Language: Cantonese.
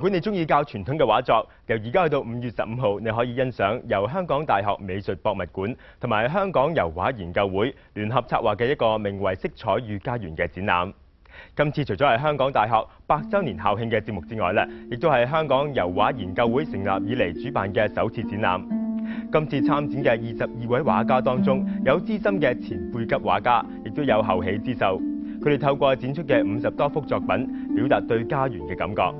不管你中意較傳統嘅畫作，由而家去到五月十五號，你可以欣賞由香港大學美術博物館同埋香港油畫研究會聯合策劃嘅一個名為《色彩與家園》嘅展覽。今次除咗係香港大學百周年校慶嘅節目之外呢，亦都係香港油畫研究會成立以嚟主辦嘅首次展覽。今次參展嘅二十二位畫家當中有資深嘅前輩級畫家，亦都有後起之秀。佢哋透過展出嘅五十多幅作品，表達對家園嘅感覺。